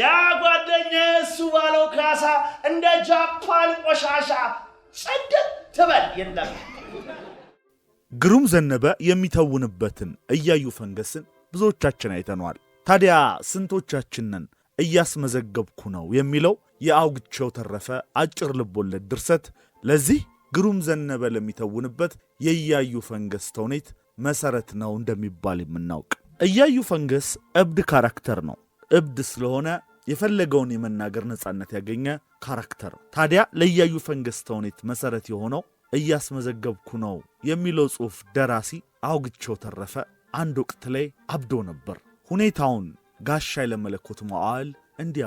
ያ ጓደኛ እሱ ባለው ካሳ እንደ ጃፓን ቆሻሻ ጸደት ትበል የለም። ግሩም ዘነበ የሚተውንበትን እያዩ ፈንገስን ብዙዎቻችን አይተነዋል። ታዲያ ስንቶቻችንን እያስመዘገብኩ ነው የሚለው የአውግቸው ተረፈ አጭር ልቦለድ ድርሰት ለዚህ ግሩም ዘነበ ለሚተውንበት የእያዩ ፈንገስ ተውኔት መሰረት ነው እንደሚባል የምናውቅ እያዩ ፈንገስ እብድ ካራክተር ነው። እብድ ስለሆነ የፈለገውን የመናገር ነፃነት ያገኘ ካራክተር። ታዲያ ለእያዩ ፈንገስ ተውኔት መሠረት የሆነው እያስመዘገብኩ ነው የሚለው ጽሑፍ ደራሲ አውግቸው ተረፈ አንድ ወቅት ላይ አብዶ ነበር። ሁኔታውን ጋሻ ለመለኮት መዋዕል እንዲህ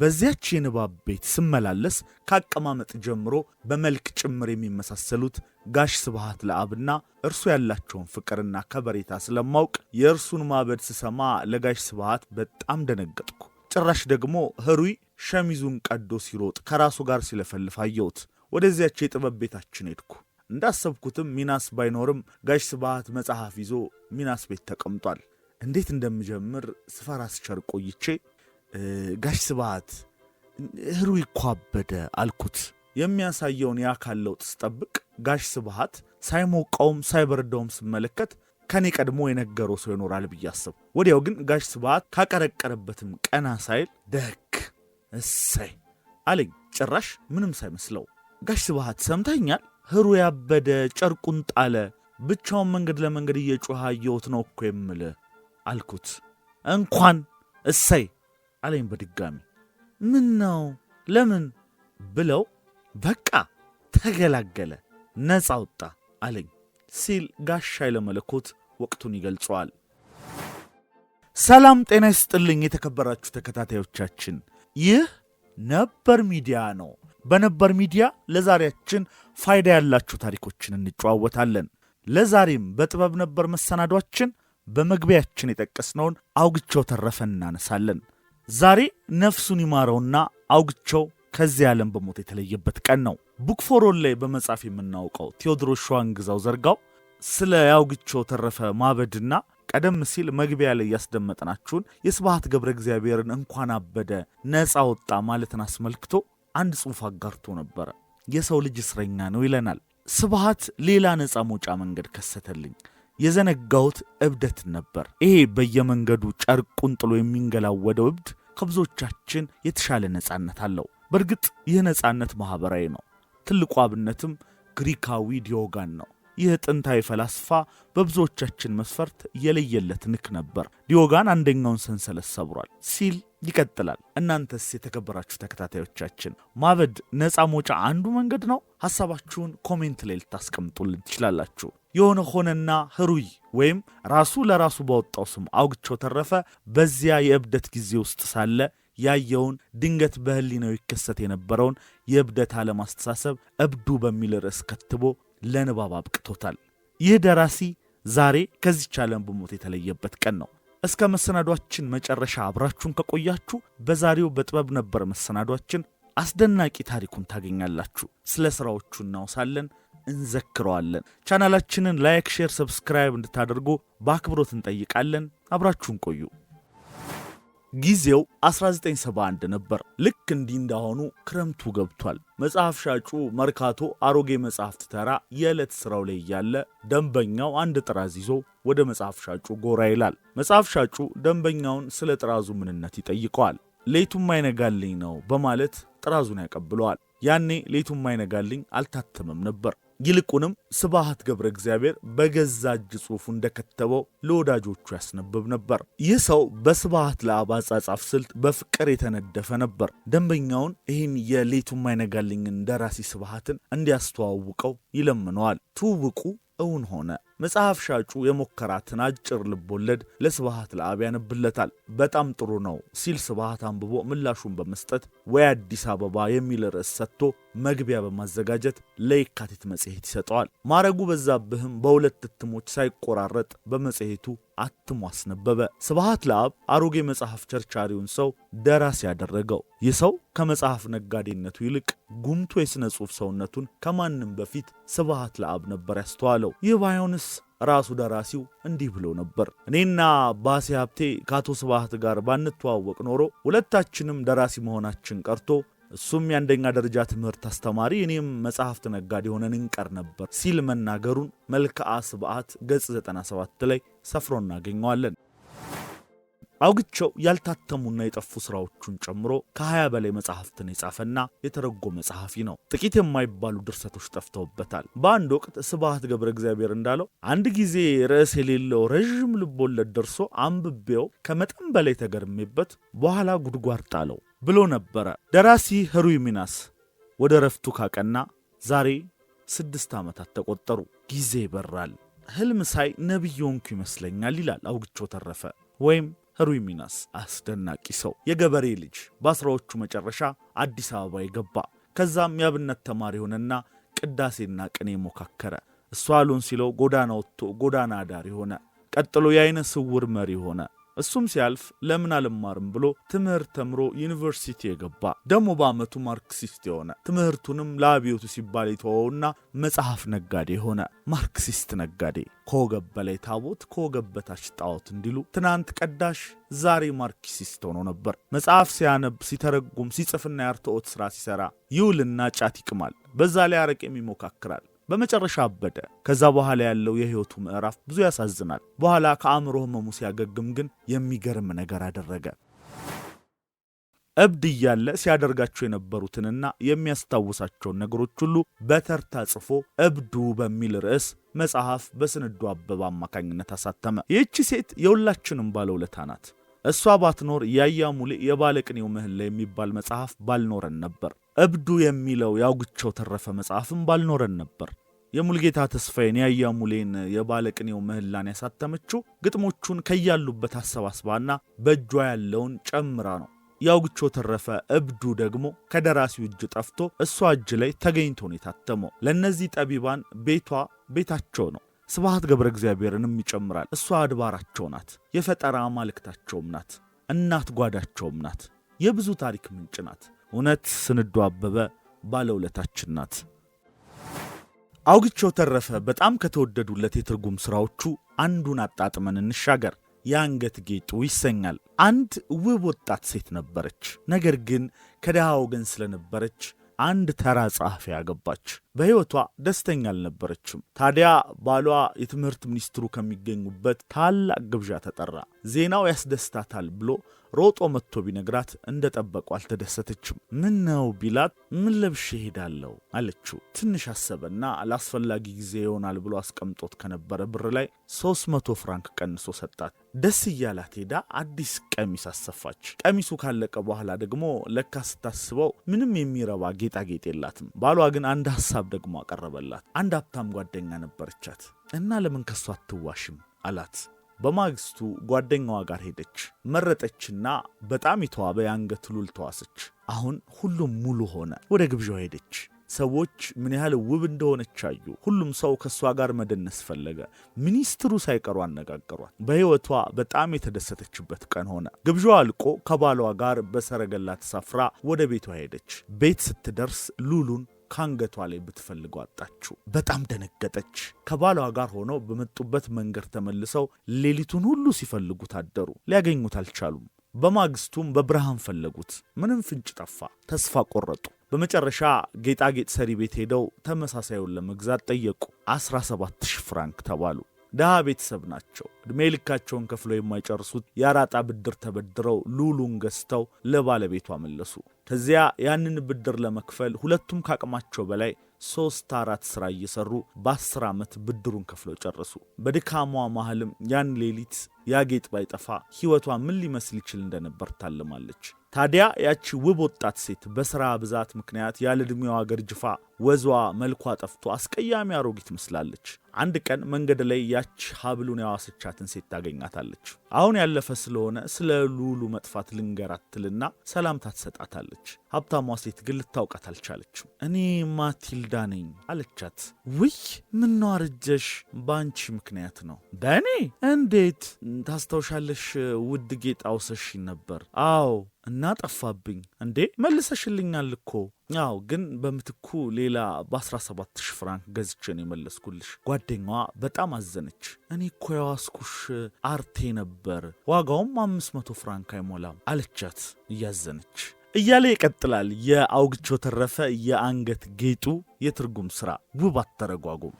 በዚያች የንባብ ቤት ስመላለስ ከአቀማመጥ ጀምሮ በመልክ ጭምር የሚመሳሰሉት ጋሽ ስብሃት ለአብና እርሱ ያላቸውን ፍቅርና ከበሬታ ስለማውቅ የእርሱን ማበድ ስሰማ ለጋሽ ስብሃት በጣም ደነገጥኩ። ጭራሽ ደግሞ ህሩይ ሸሚዙን ቀዶ ሲሮጥ ከራሱ ጋር ሲለፈልፍ አየሁት። ወደዚያች የጥበብ ቤታችን ሄድኩ። እንዳሰብኩትም ሚናስ ባይኖርም ጋሽ ስብሃት መጽሐፍ ይዞ ሚናስ ቤት ተቀምጧል። እንዴት እንደምጀምር ስፈራ ስቸር ቆይቼ ጋሽ ስብሐት እህሩ ይኳበደ አልኩት። የሚያሳየውን የአካል ለውጥ ስጠብቅ ጋሽ ስብሃት ሳይሞቀውም ሳይበርደውም ስመለከት ከኔ ቀድሞ የነገረው ሰው ይኖራል ብዬ አስብ ወዲያው ግን ጋሽ ስብሃት ካቀረቀረበትም ቀና ሳይል ደክ እሰይ አለኝ። ጭራሽ ምንም ሳይመስለው ጋሽ ስብሃት ሰምተኛል፣ ህሩ ያበደ ጨርቁን ጣለ፣ ብቻውን መንገድ ለመንገድ እየጮኸ አየሁት ነው እኮ የምልህ አልኩት። እንኳን እሰይ አለኝ በድጋሚ። ምን ነው ለምን ብለው በቃ ተገላገለ፣ ነፃ ወጣ አለኝ ሲል ጋሻ ኃይለ ወቅቱን ይገልጸዋል። ሰላም ጤና ይስጥልኝ የተከበራችሁ ተከታታዮቻችን፣ ይህ ነበር ሚዲያ ነው። በነበር ሚዲያ ለዛሬያችን ፋይዳ ያላችሁ ታሪኮችን እንጨዋወታለን። ለዛሬም በጥበብ ነበር መሰናዷችን በመግቢያችን የጠቀስነውን አውግቸው ተረፈ እናነሳለን። ዛሬ ነፍሱን ይማረውና አውግቸው ከዚህ ዓለም በሞት የተለየበት ቀን ነው። ቡክ ፎር ኦል ላይ በመጻፍ የምናውቀው ቴዎድሮስ ሸዋንግዛው ዘርጋው ስለ ያውግቸው ተረፈ ማበድና ቀደም ሲል መግቢያ ላይ ያስደመጥናችሁን የስብሐት ገብረ እግዚአብሔርን እንኳን አበደ ነፃ ወጣ ማለትን አስመልክቶ አንድ ጽሑፍ አጋርቶ ነበረ። የሰው ልጅ እስረኛ ነው ይለናል። ስብሐት ሌላ ነፃ መውጫ መንገድ ከሰተልኝ የዘነጋሁት እብደት ነበር። ይሄ በየመንገዱ ጨርቁን ጥሎ የሚንገላወደው እብድ ከብዙዎቻችን የተሻለ ነፃነት አለው። በእርግጥ ይህ ነፃነት ማኅበራዊ ነው። ትልቁ አብነትም ግሪካዊ ዲዮጋን ነው። ይህ ጥንታዊ ፈላስፋ በብዙዎቻችን መስፈርት የለየለት ንክ ነበር። ዲዮጋን አንደኛውን ሰንሰለት ሰብሯል ሲል ይቀጥላል። እናንተስ የተከበራችሁ ተከታታዮቻችን ማበድ ነፃ መውጫ አንዱ መንገድ ነው? ሐሳባችሁን ኮሜንት ላይ ልታስቀምጡልን ትችላላችሁ። የሆነ ሆነና ህሩይ ወይም ራሱ ለራሱ ባወጣው ስም አውግቸው ተረፈ በዚያ የእብደት ጊዜ ውስጥ ሳለ ያየውን ድንገት በህሊናው ይከሰት የነበረውን የእብደት አለማስተሳሰብ እብዱ በሚል ርዕስ ከትቦ ለንባብ አብቅቶታል። ይህ ደራሲ ዛሬ ከዚች ዓለም በሞት የተለየበት ቀን ነው። እስከ መሰናዷችን መጨረሻ አብራችሁን ከቆያችሁ በዛሬው በጥበብ ነበር መሰናዷችን አስደናቂ ታሪኩን ታገኛላችሁ። ስለ ሥራዎቹ እናውሳለን። እንዘክረዋለን። ቻናላችንን ላይክ፣ ሼር፣ ሰብስክራይብ እንድታደርጉ በአክብሮት እንጠይቃለን። አብራችሁን ቆዩ። ጊዜው 1971 ነበር። ልክ እንዲህ እንዳሆኑ ክረምቱ ገብቷል። መጽሐፍ ሻጩ መርካቶ አሮጌ መጽሐፍት ተራ የዕለት ሥራው ላይ እያለ ደንበኛው አንድ ጥራዝ ይዞ ወደ መጽሐፍ ሻጩ ጎራ ይላል። መጽሐፍ ሻጩ ደንበኛውን ስለ ጥራዙ ምንነት ይጠይቀዋል። ሌቱም አይነጋልኝ ነው በማለት ጥራዙን ያቀብለዋል። ያኔ ሌቱም አይነጋልኝ አልታተመም ነበር። ይልቁንም ስብሐት ገብረ እግዚአብሔር በገዛ እጅ ጽሑፉ እንደከተበው ለወዳጆቹ ያስነብብ ነበር። ይህ ሰው በስብሐት ለአብ አጻጻፍ ስልት በፍቅር የተነደፈ ነበር። ደንበኛውን ይህን የሌቱም አይነጋልኝን ደራሲ ስብሐትን እንዲያስተዋውቀው ይለምነዋል። ትውውቁ እውን ሆነ። መጽሐፍ ሻጩ የሞከራትን አጭር ወለድ ለስብሃት ለአብ ያነብለታል። በጣም ጥሩ ነው ሲል ስብሃት አንብቦ ምላሹን በመስጠት ወይ አዲስ አበባ የሚል ርዕስ ሰጥቶ መግቢያ በማዘጋጀት ለየካቲት መጽሔት ይሰጠዋል። ማረጉ በዛብህም በሁለት እትሞች ሳይቆራረጥ በመጽሔቱ አትሞ አስነበበ። ስብሃት ለአብ አሮጌ መጽሐፍ ቸርቻሪውን ሰው ደራሲ ያደረገው ይህ ሰው ከመጽሐፍ ነጋዴነቱ ይልቅ ጉምቶ የሥነ ጽሑፍ ሰውነቱን ከማንም በፊት ስብሃት ለአብ ነበር ያስተዋለው። ይህ ባይሆንስ ራሱ ደራሲው እንዲህ ብሎ ነበር። እኔና ባሴ ሀብቴ ከአቶ ስብሃት ጋር ባንተዋወቅ ኖሮ ሁለታችንም ደራሲ መሆናችን ቀርቶ እሱም የአንደኛ ደረጃ ትምህርት አስተማሪ እኔም መጽሐፍት ነጋዴ ሆነን እንቀር ነበር ሲል መናገሩን መልክዓ ስብዓት ገጽ 97 ላይ ሰፍሮ እናገኘዋለን። አውግቸው ያልታተሙና የጠፉ ስራዎቹን ጨምሮ ከ20 በላይ መጽሐፍትን የጻፈና የተረጎመ ጸሐፊ ነው። ጥቂት የማይባሉ ድርሰቶች ጠፍተውበታል። በአንድ ወቅት ስብሐት ገብረ እግዚአብሔር እንዳለው አንድ ጊዜ ርዕስ የሌለው ረዥም ልቦለድ ደርሶ አንብቤው ከመጠን በላይ ተገርሜበት በኋላ ጉድጓድ ጣለው ብሎ ነበረ። ደራሲ ህሩይ ሚናስ ወደ ረፍቱ ካቀና ዛሬ ስድስት ዓመታት ተቆጠሩ። ጊዜ ይበራል። ህልም ሳይ ነቢይ ሆንኩ ይመስለኛል ይላል አውግቸው ተረፈ ወይም ሩይ አስደናቂ ሰው፣ የገበሬ ልጅ በአስራዎቹ መጨረሻ አዲስ አበባ የገባ ከዛም የአብነት ተማሪ ሆነና ቅዳሴና ቅኔ ሞካከረ። እሷ አሉን ሲለው ጎዳና ወጥቶ ጎዳና አዳሪ ሆነ። ቀጥሎ የአይነ ስውር መሪ ሆነ። እሱም ሲያልፍ ለምን አልማርም ብሎ ትምህርት ተምሮ ዩኒቨርሲቲ የገባ ደግሞ በአመቱ ማርክሲስት የሆነ ትምህርቱንም ለአብዮቱ ሲባል የተወውና መጽሐፍ ነጋዴ የሆነ ማርክሲስት ነጋዴ ከወገብ በላይ ታቦት ከወገብ በታች ጣዖት እንዲሉ ትናንት ቀዳሽ ዛሬ ማርክሲስት ሆኖ ነበር። መጽሐፍ ሲያነብ ሲተረጉም ሲጽፍና የአርትዖት ሥራ ሲሠራ ይውልና ጫት ይቅማል። በዛ ላይ አረቄም ይሞካክራል። በመጨረሻ አበደ። ከዛ በኋላ ያለው የህይወቱ ምዕራፍ ብዙ ያሳዝናል። በኋላ ከአእምሮ ህመሙ ሲያገግም ግን የሚገርም ነገር አደረገ። እብድ እያለ ሲያደርጋቸው የነበሩትንና የሚያስታውሳቸውን ነገሮች ሁሉ በተርታ ጽፎ እብዱ በሚል ርዕስ መጽሐፍ በስንዱ አበበ አማካኝነት አሳተመ። ይህቺ ሴት የሁላችንም ባለውለታ ናት። እሷ ባትኖር ያያ ሙሌ የባለቅኔው ምህላ የሚባል መጽሐፍ ባልኖረን ነበር። እብዱ የሚለው ያውግቸው ተረፈ መጽሐፍም ባልኖረን ነበር። የሙልጌታ ተስፋዬን ያያ ሙሌን የባለቅኔው ምህላን ያሳተመችው ግጥሞቹን ከያሉበት አሰባስባና በእጇ ያለውን ጨምራ ነው። ያውግቾ ተረፈ እብዱ ደግሞ ከደራሲው እጅ ጠፍቶ እሷ እጅ ላይ ተገኝቶ ነው የታተመው። ለእነዚህ ጠቢባን ቤቷ ቤታቸው ነው። ስብሐት ገብረ እግዚአብሔርንም ይጨምራል። እሷ አድባራቸው ናት፣ የፈጠራ አማልክታቸውም ናት፣ እናት ጓዳቸውም ናት፣ የብዙ ታሪክ ምንጭ ናት። እውነት ስንዱ አበበ ባለውለታችን ናት። አውግቸው ተረፈ በጣም ከተወደዱለት የትርጉም ሥራዎቹ አንዱን አጣጥመን እንሻገር። የአንገት ጌጡ ይሰኛል። አንድ ውብ ወጣት ሴት ነበረች። ነገር ግን ከድሃ ወገን ስለነበረች አንድ ተራ ጸሐፊ አገባች። በሕይወቷ ደስተኛ አልነበረችም። ታዲያ ባሏ የትምህርት ሚኒስትሩ ከሚገኙበት ታላቅ ግብዣ ተጠራ። ዜናው ያስደስታታል ብሎ ሮጦ መጥቶ ቢነግራት እንደ ጠበቁ አልተደሰተችም። ምን ነው ቢላት ምን ለብሼ እሄዳለሁ አለችው። ትንሽ አሰበና ለአስፈላጊ ጊዜ ይሆናል ብሎ አስቀምጦት ከነበረ ብር ላይ 300 ፍራንክ ቀንሶ ሰጣት። ደስ እያላት ሄዳ አዲስ ቀሚስ አሰፋች። ቀሚሱ ካለቀ በኋላ ደግሞ ለካ ስታስበው ምንም የሚረባ ጌጣጌጥ የላትም። ባሏ ግን አንድ ሀሳብ ሐሳብ ደግሞ አቀረበላት። አንድ ሀብታም ጓደኛ ነበረቻት እና ለምን ከሱ አትዋሽም አላት። በማግስቱ ጓደኛዋ ጋር ሄደች። መረጠችና በጣም የተዋበ የአንገት ሉል ተዋሰች። አሁን ሁሉም ሙሉ ሆነ። ወደ ግብዣው ሄደች። ሰዎች ምን ያህል ውብ እንደሆነች አዩ። ሁሉም ሰው ከእሷ ጋር መደነስ ፈለገ። ሚኒስትሩ ሳይቀሩ አነጋገሯት። በሕይወቷ በጣም የተደሰተችበት ቀን ሆነ። ግብዣዋ አልቆ ከባሏ ጋር በሰረገላ ተሳፍራ ወደ ቤቷ ሄደች። ቤት ስትደርስ ሉሉን ከአንገቷ ላይ ብትፈልጉ አጣችው። በጣም ደነገጠች። ከባሏ ጋር ሆነው በመጡበት መንገድ ተመልሰው ሌሊቱን ሁሉ ሲፈልጉ ታደሩ። ሊያገኙት አልቻሉም። በማግስቱም በብርሃን ፈለጉት። ምንም ፍንጭ ጠፋ። ተስፋ ቆረጡ። በመጨረሻ ጌጣጌጥ ሰሪ ቤት ሄደው ተመሳሳዩን ለመግዛት ጠየቁ። 17 ሺህ ፍራንክ ተባሉ። ድሃ ቤተሰብ ናቸው። ዕድሜ ልካቸውን ከፍለው የማይጨርሱት የአራጣ ብድር ተበድረው ሉሉን ገዝተው ለባለቤቷ መለሱ። ከዚያ ያንን ብድር ለመክፈል ሁለቱም ካቅማቸው በላይ ሶስት አራት ሥራ እየሠሩ በአስር ዓመት ብድሩን ከፍለው ጨረሱ። በድካሟ መሃልም ያን ሌሊት ያጌጥ ባይጠፋ ሕይወቷ ምን ሊመስል ይችል እንደነበር ታልማለች። ታዲያ ያቺ ውብ ወጣት ሴት በሥራ ብዛት ምክንያት ያለ ዕድሜዋ ገርጅፋ ወዟ፣ መልኳ ጠፍቶ አስቀያሚ አሮጊት ትመስላለች። አንድ ቀን መንገድ ላይ ያች ሀብሉን ያዋሰቻትን ሴት ታገኛታለች። አሁን ያለፈ ስለሆነ ስለ ሉሉ መጥፋት ልንገራትልና ሰላምታ ትሰጣታለች። ሀብታሟ ሴት ግን ልታውቃት አልቻለችም። እኔ ማቲልዳ ነኝ አለቻት። ውይ ምነው አረጀሽ? በአንቺ ምክንያት ነው። በእኔ እንዴት? ታስታውሻለሽ? ውድ ጌጥ አውሰሽኝ ነበር። አዎ እና ጠፋብኝ። እንዴ መልሰሽልኛል እኮ አዎ፣ ግን በምትኩ ሌላ በ17 ሺህ ፍራንክ ገዝቼ ነው የመለስኩልሽ። ጓደኛዋ በጣም አዘነች። እኔ እኮ የዋስኩሽ አርቴ ነበር፣ ዋጋውም 500 ፍራንክ አይሞላም አለቻት እያዘነች እያለ ይቀጥላል። የአውግቸው ተረፈ የአንገት ጌጡ የትርጉም ስራ ውብ አተረጓጉም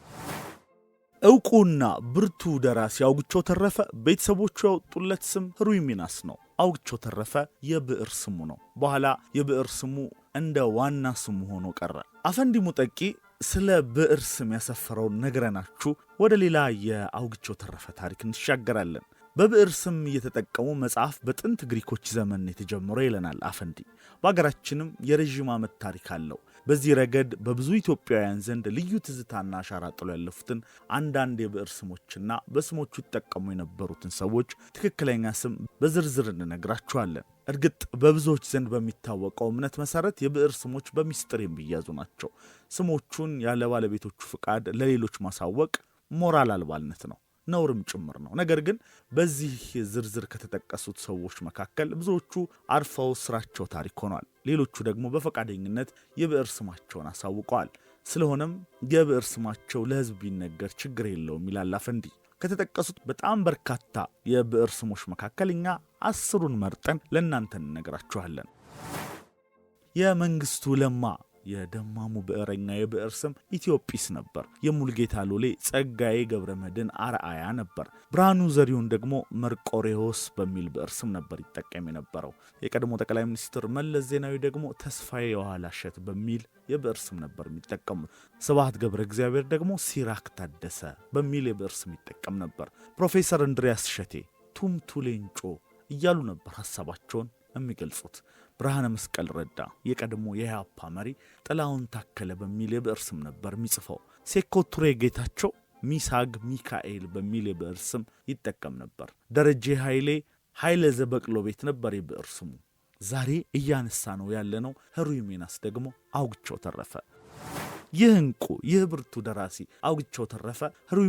እውቁና ብርቱ ደራሲ አውግቸው ተረፈ ቤተሰቦቹ ያወጡለት ስም ሩይ ሚናስ ነው። አውግቸው ተረፈ የብዕር ስሙ ነው። በኋላ የብዕር ስሙ እንደ ዋና ስሙ ሆኖ ቀረ። አፈንዲ ሙጠቂ ስለ ብዕር ስም ያሰፈረውን ነግረናችሁ ወደ ሌላ የአውግቸው ተረፈ ታሪክ እንሻገራለን። በብዕር ስም እየተጠቀሙ መጽሐፍ በጥንት ግሪኮች ዘመን የተጀመረ ይለናል አፈንዲ። በሀገራችንም የረዥም ዓመት ታሪክ አለው። በዚህ ረገድ በብዙ ኢትዮጵያውያን ዘንድ ልዩ ትዝታና አሻራ ጥሎ ያለፉትን አንዳንድ የብዕር ስሞችና በስሞቹ ይጠቀሙ የነበሩትን ሰዎች ትክክለኛ ስም በዝርዝር እንነግራችኋለን። እርግጥ በብዙዎች ዘንድ በሚታወቀው እምነት መሰረት የብዕር ስሞች በሚስጥር የሚያዙ ናቸው። ስሞቹን ያለ ባለቤቶቹ ፍቃድ ለሌሎች ማሳወቅ ሞራል አልባልነት ነው። ነውርም ጭምር ነው። ነገር ግን በዚህ ዝርዝር ከተጠቀሱት ሰዎች መካከል ብዙዎቹ አርፈው ስራቸው ታሪክ ሆኗል። ሌሎቹ ደግሞ በፈቃደኝነት የብዕር ስማቸውን አሳውቀዋል። ስለሆነም የብዕር ስማቸው ለሕዝብ ቢነገር ችግር የለውም ይላል አፈንዲ። ከተጠቀሱት በጣም በርካታ የብዕር ስሞች መካከል እኛ አስሩን መርጠን ለእናንተ እንነግራችኋለን። የመንግስቱ ለማ የደማሙ ብዕረኛ የብዕር ስም ኢትዮጲስ ነበር። የሙልጌታ ሎሌ ጸጋዬ ገብረ መድን አርአያ ነበር። ብርሃኑ ዘሪሁን ደግሞ መርቆሬዎስ በሚል ብዕር ስም ነበር ይጠቀም የነበረው። የቀድሞ ጠቅላይ ሚኒስትር መለስ ዜናዊ ደግሞ ተስፋዬ የኋላሸት በሚል የብዕር ስም ነበር የሚጠቀሙት። ስብሐት ገብረ እግዚአብሔር ደግሞ ሲራክ ታደሰ በሚል የብዕር ስም ይጠቀም ነበር። ፕሮፌሰር እንድሪያስ ሸቴ ቱምቱ ሌንጮ እያሉ ነበር ሀሳባቸውን የሚገልጹት። ብርሃነ መስቀል ረዳ የቀድሞ የኢህአፓ መሪ ጥላውን ታከለ በሚል የብዕር ስም ነበር የሚጽፈው። ሴኮቱሬ ጌታቸው ሚሳግ ሚካኤል በሚል የብዕር ስም ይጠቀም ነበር። ደረጀ ኃይሌ ኃይለ ዘበቅሎ ቤት ነበር የብዕር ስሙ። ዛሬ እያነሳ ነው ያለነው ሕሩይ ሚናስ ደግሞ አውግቸው ተረፈ። ይህ እንቁ ይህ ብርቱ ደራሲ አውግቸው ተረፈ ሕሩይ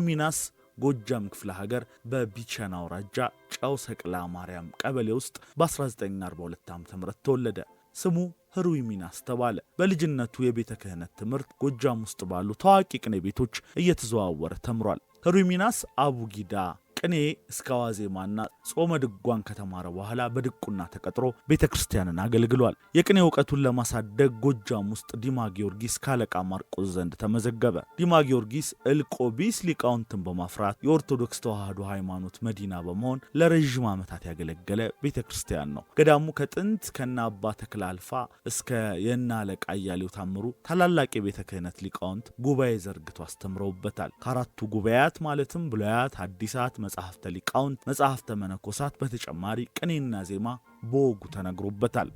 ጎጃም ክፍለ ሀገር በቢቸና አውራጃ ጨው ሰቅላ ማርያም ቀበሌ ውስጥ በ1942 ዓ ም ተወለደ። ስሙ ህሩይ ሚናስ ተባለ። በልጅነቱ የቤተ ክህነት ትምህርት ጎጃም ውስጥ ባሉ ታዋቂ ቅኔ ቤቶች እየተዘዋወረ ተምሯል። ህሩይ ሚናስ አቡጊዳ ቅኔ እስከ ዋዜማና ጾመ ድጓን ከተማረ በኋላ በድቁና ተቀጥሮ ቤተ ክርስቲያንን አገልግሏል። የቅኔ እውቀቱን ለማሳደግ ጎጃም ውስጥ ዲማ ጊዮርጊስ ካለቃ ማርቆስ ዘንድ ተመዘገበ። ዲማ ጊዮርጊስ እልቆ ቢስ ሊቃውንትን በማፍራት የኦርቶዶክስ ተዋህዶ ሃይማኖት መዲና በመሆን ለረዥም ዓመታት ያገለገለ ቤተ ክርስቲያን ነው። ገዳሙ ከጥንት ከነ አባ ተክለ አልፋ እስከ የነ አለቃ እያሌው ታምሩ ታላላቅ የቤተ ክህነት ሊቃውንት ጉባኤ ዘርግቶ አስተምረውበታል። ከአራቱ ጉባኤያት ማለትም ብሉያት፣ ሐዲሳት መጽሐፍተ ሊቃውንት፣ መጽሐፍተ መነኮሳት በተጨማሪ ቅኔና ዜማ በወጉ ተነግሮበታል።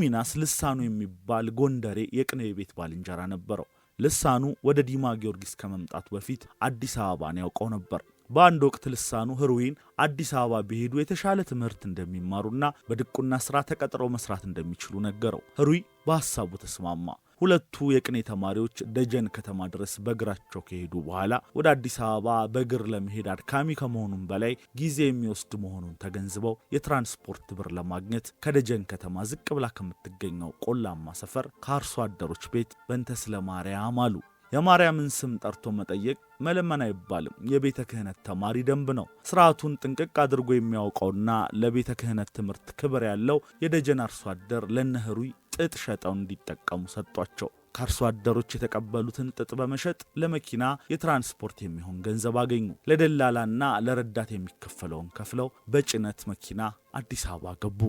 ሚናስ ልሳኑ የሚባል ጎንደሬ የቅኔ ቤት ባልንጀራ ነበረው። ልሳኑ ወደ ዲማ ጊዮርጊስ ከመምጣቱ በፊት አዲስ አበባን ያውቀው ነበር። በአንድ ወቅት ልሳኑ ህሩይን አዲስ አበባ ቢሄዱ የተሻለ ትምህርት እንደሚማሩና በድቁና ስራ ተቀጥረው መስራት እንደሚችሉ ነገረው። ህሩይ በሐሳቡ ተስማማ። ሁለቱ የቅኔ ተማሪዎች ደጀን ከተማ ድረስ በእግራቸው ከሄዱ በኋላ ወደ አዲስ አበባ በእግር ለመሄድ አድካሚ ከመሆኑም በላይ ጊዜ የሚወስድ መሆኑን ተገንዝበው የትራንስፖርት ብር ለማግኘት ከደጀን ከተማ ዝቅ ብላ ከምትገኘው ቆላማ ሰፈር ከአርሶ አደሮች ቤት በንተስለ ማርያም አሉ። የማርያምን ስም ጠርቶ መጠየቅ መለመን አይባልም። የቤተ ክህነት ተማሪ ደንብ ነው። ስርዓቱን ጥንቅቅ አድርጎ የሚያውቀውና ለቤተ ክህነት ትምህርት ክብር ያለው የደጀን አርሶ አደር ለነህሩይ ጥጥ ሸጠው እንዲጠቀሙ ሰጧቸው። ከአርሶ አደሮች የተቀበሉትን ጥጥ በመሸጥ ለመኪና የትራንስፖርት የሚሆን ገንዘብ አገኙ። ለደላላና ለረዳት የሚከፈለውን ከፍለው በጭነት መኪና አዲስ አበባ ገቡ።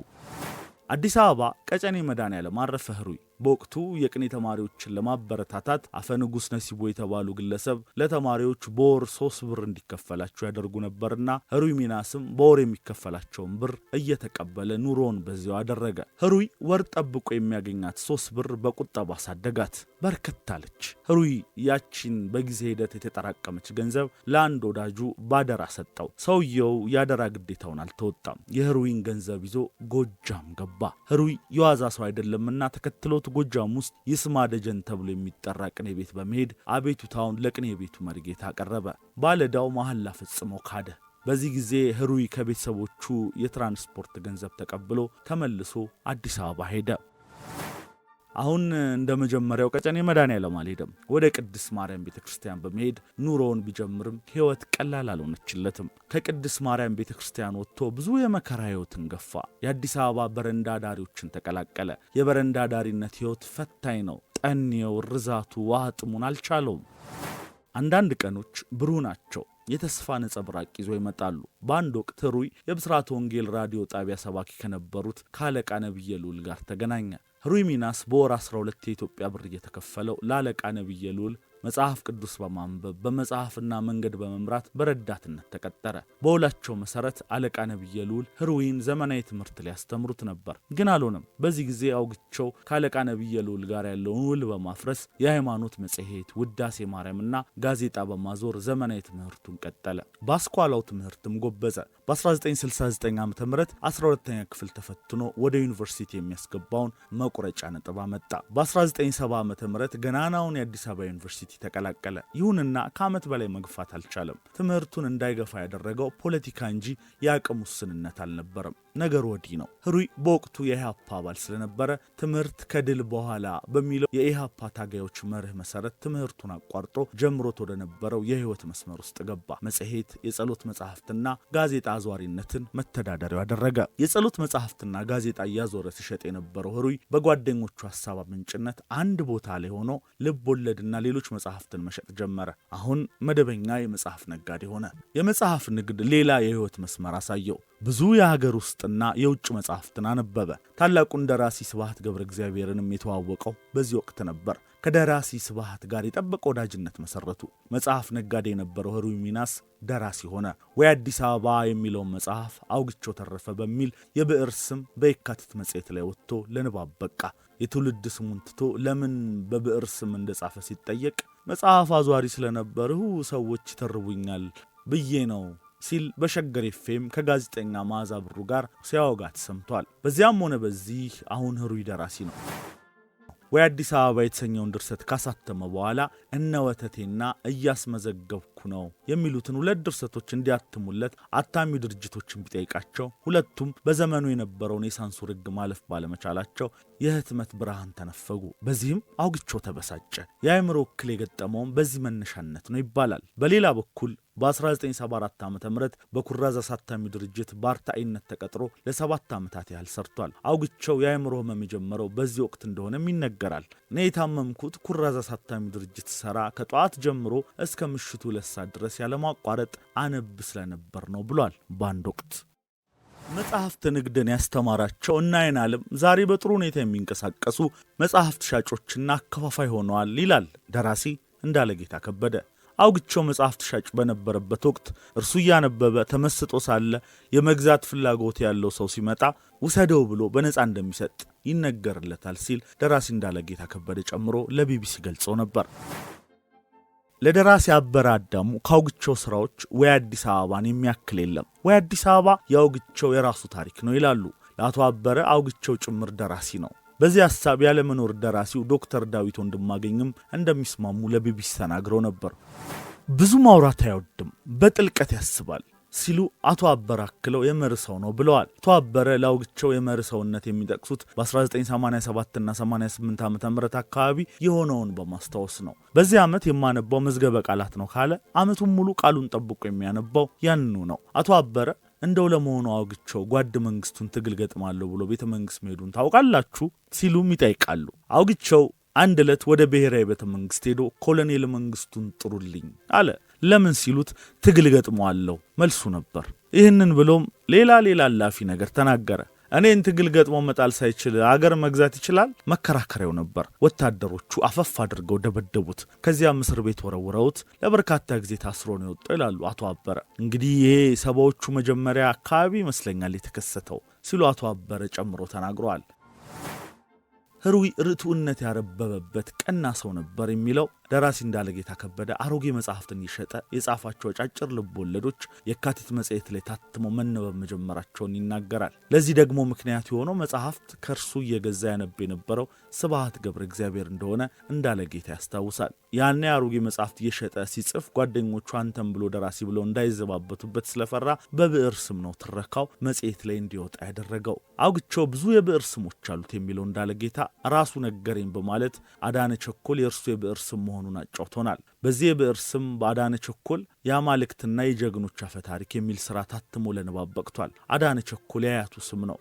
አዲስ አበባ ቀጨኔ መድኃኔዓለም አረፈ ህሩይ በወቅቱ የቅኔ ተማሪዎችን ለማበረታታት አፈ ንጉሥ ነሲቦ የተባሉ ግለሰብ ለተማሪዎች በወር ሶስት ብር እንዲከፈላቸው ያደርጉ ነበርና ህሩይ ሚናስም በወር የሚከፈላቸውን ብር እየተቀበለ ኑሮውን በዚያው አደረገ። ህሩይ ወር ጠብቆ የሚያገኛት ሶስት ብር በቁጠባ አሳደጋት። በርከት አለች። ህሩይ ያቺን በጊዜ ሂደት የተጠራቀመች ገንዘብ ለአንድ ወዳጁ ባደራ ሰጠው። ሰውየው የአደራ ግዴታውን አልተወጣም። የህሩይን ገንዘብ ይዞ ጎጃም ገባ። ህሩይ የዋዛ ሰው አይደለምና ተከትሎት ጎጃም ውስጥ ይስማ ደጀን ተብሎ የሚጠራ ቅኔ ቤት በመሄድ አቤቱታውን ለቅኔ ቤቱ መርጌታ አቀረበ። ባለዳው መሐላ ፈጽሞ ካደ። በዚህ ጊዜ ህሩይ ከቤተሰቦቹ የትራንስፖርት ገንዘብ ተቀብሎ ተመልሶ አዲስ አበባ ሄደ። አሁን እንደ መጀመሪያው ቀጨኔ መድኃኔዓለም አልሄደም። ወደ ቅድስት ማርያም ቤተ ክርስቲያን በመሄድ ኑሮውን ቢጀምርም ሕይወት ቀላል አልሆነችለትም። ከቅድስት ማርያም ቤተ ክርስቲያን ወጥቶ ብዙ የመከራ ሕይወትን ገፋ። የአዲስ አበባ በረንዳ ዳሪዎችን ተቀላቀለ። የበረንዳ ዳሪነት ሕይወት ፈታኝ ነው። ጠኔው፣ ርዛቱ፣ ዋጥሙን አልቻለውም። አንዳንድ ቀኖች ብሩህ ናቸው። የተስፋ ነጸብራቅ ይዞ ይመጣሉ። በአንድ ወቅት ሩይ የብስራት ወንጌል ራዲዮ ጣቢያ ሰባኪ ከነበሩት ከአለቃ ነብየ ልዑል ጋር ተገናኘ። ሩሚናስ ሚናስ በወር 12 የኢትዮጵያ ብር እየተከፈለው ለአለቃ ነብየ ሉል መጽሐፍ ቅዱስ በማንበብ በመጽሐፍና መንገድ በመምራት በረዳትነት ተቀጠረ። በውላቸው መሰረት አለቃ ነብየ ሉል ህሩዊን ዘመናዊ ትምህርት ሊያስተምሩት ነበር፣ ግን አልሆነም። በዚህ ጊዜ አውግቸው ከአለቃ ነብየ ሉል ጋር ያለውን ውል በማፍረስ የሃይማኖት መጽሔት፣ ውዳሴ ማርያምና ጋዜጣ በማዞር ዘመናዊ ትምህርቱን ቀጠለ። ባስኳላው ትምህርትም ጎበዘ። በ1969 ዓ ም 12ኛ ክፍል ተፈትኖ ወደ ዩኒቨርሲቲ የሚያስገባውን መቁረጫ ነጥብ አመጣ። በ1970 ዓ ም ገናናውን የአዲስ አበባ ዩኒቨርሲቲ ተቀላቀለ። ይሁንና ከዓመት በላይ መግፋት አልቻለም። ትምህርቱን እንዳይገፋ ያደረገው ፖለቲካ እንጂ የአቅም ውስንነት አልነበረም። ነገር ወዲህ ነው። ህሩይ በወቅቱ የኢህአፓ አባል ስለነበረ ትምህርት ከድል በኋላ በሚለው የኢህአፓ ታጋዮች መርህ መሰረት ትምህርቱን አቋርጦ ጀምሮት ወደነበረው የህይወት መስመር ውስጥ ገባ። መጽሔት፣ የጸሎት መጽሐፍትና ጋዜጣ አዟሪነትን መተዳደሪያው አደረገ። የጸሎት መጽሐፍትና ጋዜጣ እያዞረ ሲሸጥ የነበረው ህሩይ በጓደኞቹ ሀሳብ ምንጭነት አንድ ቦታ ላይ ሆኖ ልብ ወለድና ሌሎች መጽሐፍትን መሸጥ ጀመረ። አሁን መደበኛ የመጽሐፍ ነጋዴ ሆነ። የመጽሐፍ ንግድ ሌላ የህይወት መስመር አሳየው። ብዙ የሀገር ውስጥና የውጭ መጻሕፍትን አነበበ። ታላቁን ደራሲ ስብሐት ገብረ እግዚአብሔርንም የተዋወቀው በዚህ ወቅት ነበር። ከደራሲ ስብሐት ጋር የጠበቀ ወዳጅነት መሰረቱ። መጽሐፍ ነጋዴ የነበረው ሕሩይ ሚናስ ደራሲ ሆነ። ወይ አዲስ አበባ የሚለውን መጽሐፍ አውግቸው ተረፈ በሚል የብዕር ስም በየካቲት መጽሔት ላይ ወጥቶ ለንባብ በቃ። የትውልድ ስሙን ትቶ ለምን በብዕር ስም እንደጻፈ ሲጠየቅ መጽሐፍ አዟሪ ስለነበርሁ ሰዎች ይተርቡኛል ብዬ ነው ሲል በሸገር ኤፍኤም ከጋዜጠኛ መዓዛ ብሩ ጋር ሲያወጋ ተሰምቷል። በዚያም ሆነ በዚህ አሁን ህሩይ ደራሲ ነው። ወይ አዲስ አበባ የተሰኘውን ድርሰት ካሳተመ በኋላ እነ ወተቴና እያስመዘገብኩ እየተላኩ ነው የሚሉትን ሁለት ድርሰቶች እንዲያትሙለት አታሚ ድርጅቶችን ቢጠይቃቸው ሁለቱም በዘመኑ የነበረውን የሳንሱር ሕግ ማለፍ ባለመቻላቸው የህትመት ብርሃን ተነፈጉ። በዚህም አውግቸው ተበሳጨ። የአእምሮ እክል የገጠመውም በዚህ መነሻነት ነው ይባላል። በሌላ በኩል በ1974 ዓ ም በኩራዝ አሳታሚ ድርጅት በአርታኢነት ተቀጥሮ ለሰባት ዓመታት ያህል ሰርቷል። አውግቸው የአእምሮ ህመም የጀመረው በዚህ ወቅት እንደሆነም ይነገራል። እኔ የታመምኩት ኩራዝ አሳታሚ ድርጅት ሰራ ከጠዋት ጀምሮ እስከ ምሽቱ ለ ሰዓት ድረስ ያለማቋረጥ አነብ ስለነበር ነው ብሏል። በአንድ ወቅት መጽሐፍት ንግድን ያስተማራቸው እና አይን ዓለም ዛሬ በጥሩ ሁኔታ የሚንቀሳቀሱ መጽሐፍት ሻጮችና አከፋፋይ ሆነዋል ይላል ደራሲ እንዳለ ጌታ ከበደ። አውግቸው መጽሐፍት ሻጭ በነበረበት ወቅት እርሱ እያነበበ ተመስጦ ሳለ የመግዛት ፍላጎት ያለው ሰው ሲመጣ ውሰደው ብሎ በነፃ እንደሚሰጥ ይነገርለታል ሲል ደራሲ እንዳለ ጌታ ከበደ ጨምሮ ለቢቢሲ ገልጾ ነበር። ለደራሲ አበረ አዳሙ ከአውግቸው ስራዎች ወይ አዲስ አበባን የሚያክል የለም። ወይ አዲስ አበባ የአውግቸው የራሱ ታሪክ ነው ይላሉ። ለአቶ አበረ አውግቸው ጭምር ደራሲ ነው። በዚህ ሀሳብ ያለመኖር ደራሲው ዶክተር ዳዊት ወንድማገኝም እንደሚስማሙ ለቢቢሲ ተናግረው ነበር። ብዙ ማውራት አይወድም፣ በጥልቀት ያስባል። ሲሉ አቶ አበረ አክለው የመርሰው ነው ብለዋል። አቶ አበረ ለአውግቸው የመርሰውነት የሚጠቅሱት በ1987 እና 88 ዓ ም አካባቢ የሆነውን በማስታወስ ነው። በዚህ ዓመት የማነባው መዝገበ ቃላት ነው ካለ ዓመቱን ሙሉ ቃሉን ጠብቆ የሚያነባው ያንኑ ነው። አቶ አበረ እንደው ለመሆኑ አውግቸው ጓድ መንግስቱን ትግል ገጥማለሁ ብሎ ቤተ መንግስት መሄዱን ታውቃላችሁ? ሲሉም ይጠይቃሉ። አውግቸው አንድ ዕለት ወደ ብሔራዊ ቤተ መንግስት ሄዶ ኮሎኔል መንግስቱን ጥሩልኝ አለ። ለምን ሲሉት ትግል ገጥሟለሁ መልሱ ነበር። ይህንን ብሎም ሌላ ሌላ አላፊ ነገር ተናገረ። እኔን ትግል ገጥሞ መጣል ሳይችል አገር መግዛት ይችላል መከራከሪያው ነበር። ወታደሮቹ አፈፍ አድርገው ደበደቡት። ከዚያም እስር ቤት ወረውረውት ለበርካታ ጊዜ ታስሮ ነው የወጣው ይላሉ አቶ አበረ። እንግዲህ ይሄ ሰባዎቹ መጀመሪያ አካባቢ ይመስለኛል የተከሰተው ሲሉ አቶ አበረ ጨምሮ ተናግረዋል። ህሩይ ርቱዕነት ያረበበበት ቀና ሰው ነበር የሚለው ደራሲ እንዳለ ጌታ ከበደ አሮጌ መጽሐፍትን እየሸጠ የጻፋቸው አጫጭር ልብ ወለዶች የካቲት መጽሔት ላይ ታትመው መነበብ መጀመራቸውን ይናገራል። ለዚህ ደግሞ ምክንያት የሆነው መጽሐፍት ከእርሱ እየገዛ ያነብ የነበረው ስብሐት ገብረ እግዚአብሔር እንደሆነ እንዳለ ጌታ ያስታውሳል። ያኔ አሮጌ መጽሐፍት እየሸጠ ሲጽፍ ጓደኞቹ አንተን ብሎ ደራሲ ብለው እንዳይዘባበቱበት ስለፈራ በብዕር ስም ነው ትረካው መጽሔት ላይ እንዲወጣ ያደረገው። አውግቸው ብዙ የብዕር ስሞች አሉት የሚለው እንዳለ ጌታ ራሱ ነገረኝ በማለት አዳነ ቸኮል የእርሱ የብዕር ስም መሆኑ መሆኑን አጫውቶናል። በዚህ የብዕር ስም በአዳነ ቸኮል የአማልክትና የጀግኖች አፈታሪክ የሚል ስራ ታትሞ ለንባብ በቅቷል። አዳነ ቸኮል የአያቱ ስም ነው።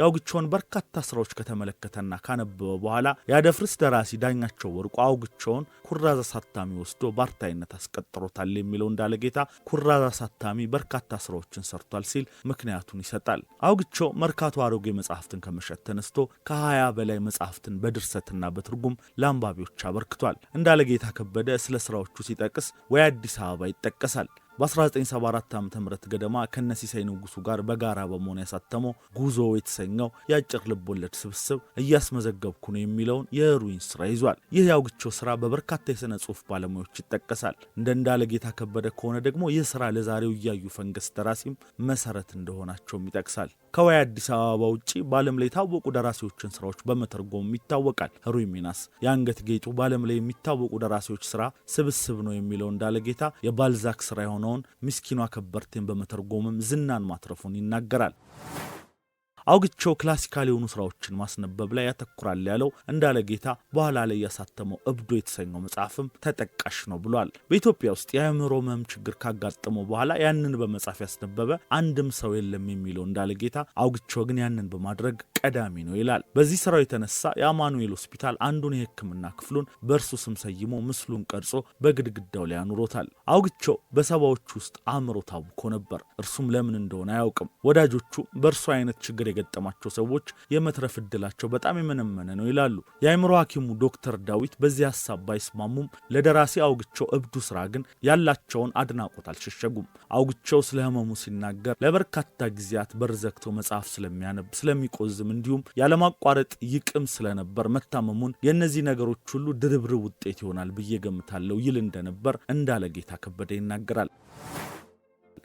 የአውግቸውን በርካታ ስራዎች ከተመለከተና ካነበበ በኋላ የአደፍርስ ደራሲ ዳኛቸው ወርቁ አውግቸውን ኩራዝ አሳታሚ ወስዶ ባርታይነት አስቀጥሮታል የሚለው እንዳለጌታ ኩራዝ አሳታሚ በርካታ ስራዎችን ሰርቷል ሲል ምክንያቱን ይሰጣል። አውግቸው መርካቶ አሮጌ መጽሐፍትን ከመሸጥ ተነስቶ ከ20 በላይ መጽሐፍትን በድርሰትና በትርጉም ለአንባቢዎች አበርክቷል። እንዳለጌታ ከበደ ስለ ስራዎቹ ሲጠቅስ ወይ አዲስ አበባ ይጠቀሳል በ1974 ዓ ም ገደማ ከነሲሳይ ንጉሱ ጋር በጋራ በመሆን ያሳተመው ጉዞ የተሰኘው የአጭር ልቦለድ ስብስብ እያስመዘገብኩ ነው የሚለውን የሩዊን ስራ ይዟል። ይህ የአውግቸው ስራ በበርካታ የሥነ ጽሑፍ ባለሙያዎች ይጠቀሳል። እንደ ጌታ ከበደ ከሆነ ደግሞ ይህ ስራ ለዛሬው እያዩ ፈንገስ ደራሲም መሰረት እንደሆናቸውም ይጠቅሳል። ከወይ አዲስ አበባ ውጪ በዓለም ላይ የታወቁ ደራሲዎችን ስራዎች በመተርጎም ይታወቃል። ሩይ ሚናስ የአንገት ጌጡ በዓለም ላይ የሚታወቁ ደራሲዎች ስራ ስብስብ ነው የሚለው እንዳለ ጌታ የባልዛክ ስራ የሆነውን ምስኪኗ ከበርቴን በመተርጎምም ዝናን ማትረፉን ይናገራል። አውግቸው ክላሲካል የሆኑ ስራዎችን ማስነበብ ላይ ያተኩራል ያለው እንዳለ ጌታ በኋላ ላይ ያሳተመው እብዶ የተሰኘው መጽሐፍም ተጠቃሽ ነው ብሏል። በኢትዮጵያ ውስጥ የአእምሮ ህመም ችግር ካጋጠመው በኋላ ያንን በመጽሐፍ ያስነበበ አንድም ሰው የለም የሚለው እንዳለ ጌታ አውግቸው ግን ያንን በማድረግ ቀዳሚ ነው ይላል። በዚህ ስራው የተነሳ የአማኑኤል ሆስፒታል አንዱን የህክምና ክፍሉን በእርሱ ስም ሰይሞ ምስሉን ቀርጾ በግድግዳው ላይ አኑሮታል። አውግቸው በሰባዎች ውስጥ አእምሮ ታውኮ ነበር። እርሱም ለምን እንደሆነ አያውቅም። ወዳጆቹ በእርሱ አይነት ችግር የገጠማቸው ሰዎች የመትረፍ እድላቸው በጣም የመነመነ ነው ይላሉ። የአእምሮ ሐኪሙ ዶክተር ዳዊት በዚህ ሀሳብ ባይስማሙም ለደራሲ አውግቸው እብዱ ስራ ግን ያላቸውን አድናቆት አልሸሸጉም። አውግቸው ስለ ህመሙ ሲናገር ለበርካታ ጊዜያት በር ዘግቶ መጽሐፍ ስለሚያነብ ስለሚቆዝም፣ እንዲሁም ያለማቋረጥ ይቅም ስለነበር መታመሙን የእነዚህ ነገሮች ሁሉ ድርብርብ ውጤት ይሆናል ብዬ ገምታለሁ ይል እንደነበር እንዳለ ጌታ ከበደ ይናገራል።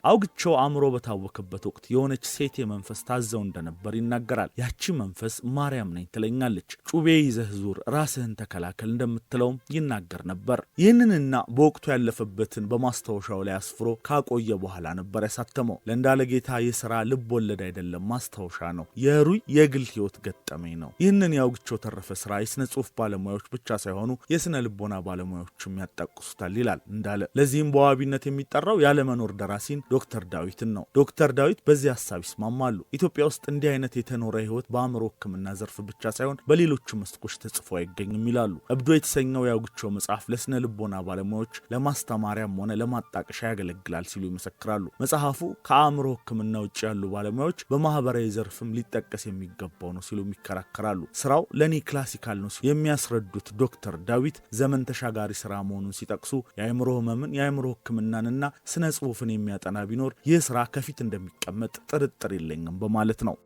አውግቸው አእምሮ በታወከበት ወቅት የሆነች ሴት የመንፈስ ታዘው እንደነበር ይናገራል። ያቺ መንፈስ ማርያም ነኝ ትለኛለች፣ ጩቤ ይዘህ ዙር፣ ራስህን ተከላከል እንደምትለውም ይናገር ነበር። ይህንንና በወቅቱ ያለፈበትን በማስታወሻው ላይ አስፍሮ ካቆየ በኋላ ነበር ያሳተመው። ጌታ የሥራ ልብ ወለድ አይደለም ማስታወሻ ነው፣ የሩይ የግል ሕይወት ገጠመኝ ነው። ይህንን የአውግቸው ተረፈ ሥራ የሥነ ጽሑፍ ባለሙያዎች ብቻ ሳይሆኑ የሥነ ልቦና ባለሙያዎችም ያጣቅሱታል ይላል እንዳለ። ለዚህም በዋቢነት የሚጠራው ያለመኖር ደራሲን ዶክተር ዳዊትን ነው። ዶክተር ዳዊት በዚህ ሀሳብ ይስማማሉ። ኢትዮጵያ ውስጥ እንዲህ አይነት የተኖረ ህይወት በአእምሮ ህክምና ዘርፍ ብቻ ሳይሆን በሌሎቹ መስኮች ተጽፎ አይገኝም ይላሉ። እብዶ የተሰኘው የአውግቸው መጽሐፍ ለስነ ልቦና ባለሙያዎች ለማስተማሪያም ሆነ ለማጣቀሻ ያገለግላል ሲሉ ይመሰክራሉ። መጽሐፉ ከአእምሮ ህክምና ውጭ ያሉ ባለሙያዎች በማህበራዊ ዘርፍም ሊጠቀስ የሚገባው ነው ሲሉም ይከራከራሉ። ስራው ለእኔ ክላሲካል ነው የሚያስረዱት ዶክተር ዳዊት ዘመን ተሻጋሪ ስራ መሆኑን ሲጠቅሱ የአእምሮ ህመምን የአእምሮ ህክምናንና ስነ ጽሁፍን የሚያጠና ቢኖር ይህ ስራ ከፊት እንደሚቀመጥ ጥርጥር የለኝም በማለት ነው።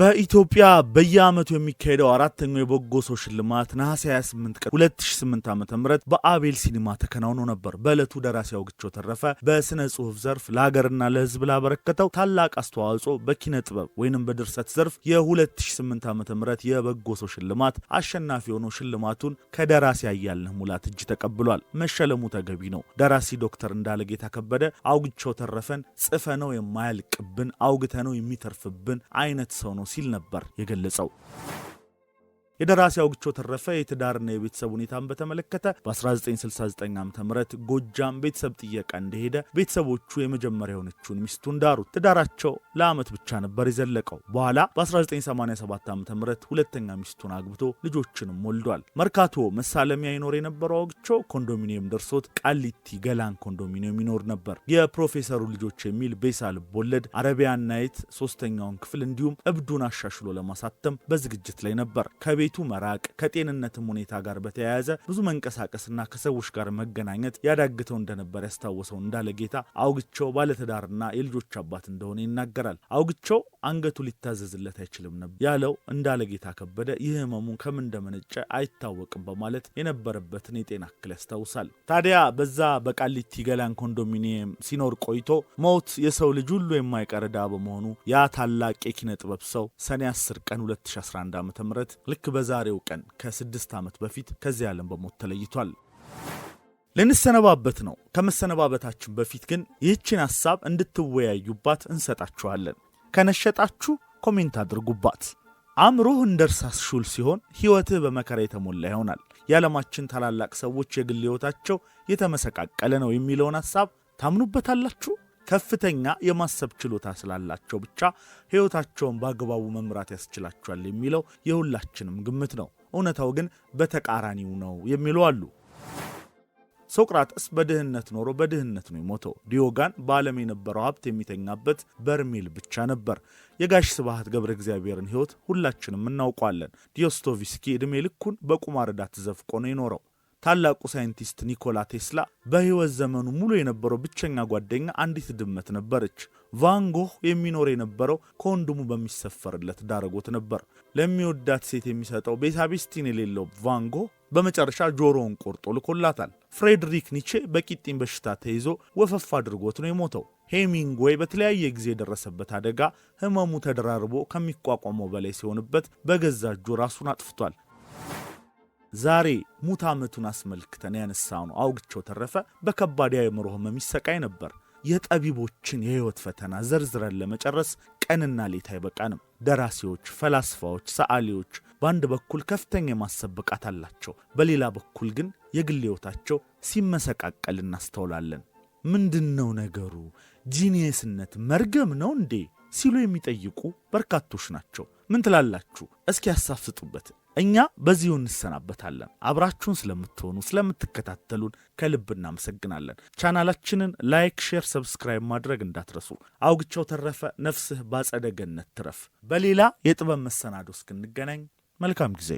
በኢትዮጵያ በየዓመቱ የሚካሄደው አራተኛው የበጎ ሰው ሽልማት ነሐሴ 28 ቀን 2008 ዓ ም በአቤል ሲኒማ ተከናውኖ ነበር። በዕለቱ ደራሲ አውግቸው ተረፈ በሥነ ጽሑፍ ዘርፍ ለሀገርና ለሕዝብ ላበረከተው ታላቅ አስተዋጽኦ በኪነ ጥበብ ወይንም በድርሰት ዘርፍ የ2008 ዓ ም የበጎ ሰው ሽልማት አሸናፊ ሆኖ ሽልማቱን ከደራሲ አያልነህ ሙላት እጅ ተቀብሏል። መሸለሙ ተገቢ ነው። ደራሲ ዶክተር እንዳለጌታ ከበደ አውግቸው ተረፈን ጽፈነው የማያልቅብን አውግተነው የሚተርፍብን አይነት ሰው ነው ነው ሲል ነበር የገለጸው። የደራሲ አውግቸው ተረፈ የትዳርና የቤተሰብ ሁኔታን በተመለከተ በ1969 ዓ ም ጎጃም ቤተሰብ ጥየቃ እንደሄደ ቤተሰቦቹ የመጀመሪያ የሆነችውን ሚስቱን ዳሩት። ትዳራቸው ለዓመት ብቻ ነበር የዘለቀው። በኋላ በ1987 ዓ ም ሁለተኛ ሚስቱን አግብቶ ልጆችንም ወልዷል። መርካቶ መሳለሚያ ይኖር የነበረው አውግቸው ኮንዶሚኒየም ደርሶት ቃሊቲ ገላን ኮንዶሚኒየም ይኖር ነበር። የፕሮፌሰሩ ልጆች የሚል ቤሳ ልቦለድ፣ አረቢያን ናይት ሶስተኛውን ክፍል እንዲሁም እብዱን አሻሽሎ ለማሳተም በዝግጅት ላይ ነበር። ከቤት ከቤቱ መራቅ ከጤንነትም ሁኔታ ጋር በተያያዘ ብዙ መንቀሳቀስና ከሰዎች ጋር መገናኘት ያዳግተው እንደነበር ያስታወሰው እንዳለ ጌታ አውግቸው ባለትዳርና የልጆች አባት እንደሆነ ይናገራል። አውግቸው አንገቱ ሊታዘዝለት አይችልም ነበር ያለው እንዳለ ጌታ ከበደ ይህ ህመሙን ከምን እንደመነጨ አይታወቅም በማለት የነበረበትን የጤና እክል ያስታውሳል። ታዲያ በዛ በቃሊቲ ገላን ኮንዶሚኒየም ሲኖር ቆይቶ ሞት የሰው ልጅ ሁሉ የማይቀር ዕዳ በመሆኑ ያ ታላቅ የኪነ ጥበብ ሰው ሰኔ 10 ቀን 2011 ዓ ም ልክ በዛሬው ቀን ከስድስት ዓመት በፊት ከዚህ ዓለም በሞት ተለይቷል። ልንሰነባበት ነው። ከመሰነባበታችን በፊት ግን ይህችን ሐሳብ እንድትወያዩባት እንሰጣችኋለን። ከነሸጣችሁ ኮሜንት አድርጉባት። አእምሮህ እንደ እርሳስ ሹል ሲሆን ሕይወትህ በመከራ የተሞላ ይሆናል። የዓለማችን ታላላቅ ሰዎች የግል ሕይወታቸው የተመሰቃቀለ ነው የሚለውን ሐሳብ ታምኑበታላችሁ? ከፍተኛ የማሰብ ችሎታ ስላላቸው ብቻ ሕይወታቸውን በአግባቡ መምራት ያስችላቸዋል የሚለው የሁላችንም ግምት ነው። እውነታው ግን በተቃራኒው ነው የሚሉ አሉ። ሶቅራጥስ በድህነት ኖሮ በድህነት ነው የሞተው። ዲዮጋን በዓለም የነበረው ሀብት የሚተኛበት በርሜል ብቻ ነበር። የጋሽ ስብሃት ገብረ እግዚአብሔርን ሕይወት ሁላችንም እናውቋለን። ዲዮስቶቪስኪ ዕድሜ ልኩን በቁማር ዕዳ ተዘፍቆ ነው የኖረው። ታላቁ ሳይንቲስት ኒኮላ ቴስላ በሕይወት ዘመኑ ሙሉ የነበረው ብቸኛ ጓደኛ አንዲት ድመት ነበረች። ቫንጎህ የሚኖር የነበረው ከወንድሙ በሚሰፈርለት ዳረጎት ነበር። ለሚወዳት ሴት የሚሰጠው ቤሳቤስቲን የሌለው ቫንጎህ በመጨረሻ ጆሮውን ቆርጦ ልኮላታል። ፍሬድሪክ ኒቼ በቂጢን በሽታ ተይዞ ወፈፍ አድርጎት ነው የሞተው። ሄሚንግዌይ በተለያየ ጊዜ የደረሰበት አደጋ ህመሙ ተደራርቦ ከሚቋቋመው በላይ ሲሆንበት በገዛ እጁ ራሱን አጥፍቷል። ዛሬ ሙት ዓመቱን አስመልክተን ያነሳ ነው። አውግቸው ተረፈ በከባድ የአእምሮ ህመም ይሰቃይ ነበር። የጠቢቦችን የህይወት ፈተና ዘርዝረን ለመጨረስ ቀንና ሌት አይበቃንም። ደራሲዎች፣ ፈላስፋዎች፣ ሰዓሊዎች በአንድ በኩል ከፍተኛ የማሰብ ብቃት አላቸው፣ በሌላ በኩል ግን የግል ህይወታቸው ሲመሰቃቀል እናስተውላለን። ምንድን ነው ነገሩ? ጂኒየስነት መርገም ነው እንዴ? ሲሉ የሚጠይቁ በርካቶች ናቸው። ምን ትላላችሁ? እስኪ ያሳፍጡበት። እኛ በዚሁ እንሰናበታለን። አብራችሁን ስለምትሆኑ ስለምትከታተሉን ከልብ እናመሰግናለን። ቻናላችንን ላይክ፣ ሼር፣ ሰብስክራይብ ማድረግ እንዳትረሱ። አውግቸው ተረፈ። ነፍስህ ባጸደ ገነት ትረፍ። በሌላ የጥበብ መሰናዶ እስክንገናኝ መልካም ጊዜ